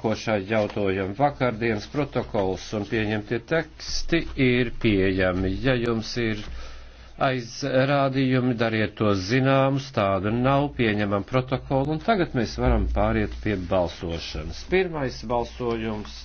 nākošā jautājuma vakardienas protokols un pieņemtie teksti ir pieejami. Ja jums ir aizrādījumi, dariet to zināmus, tādu nav, pieņemam protokolu un tagad mēs varam pāriet pie balsošanas. Pirmais balsojums.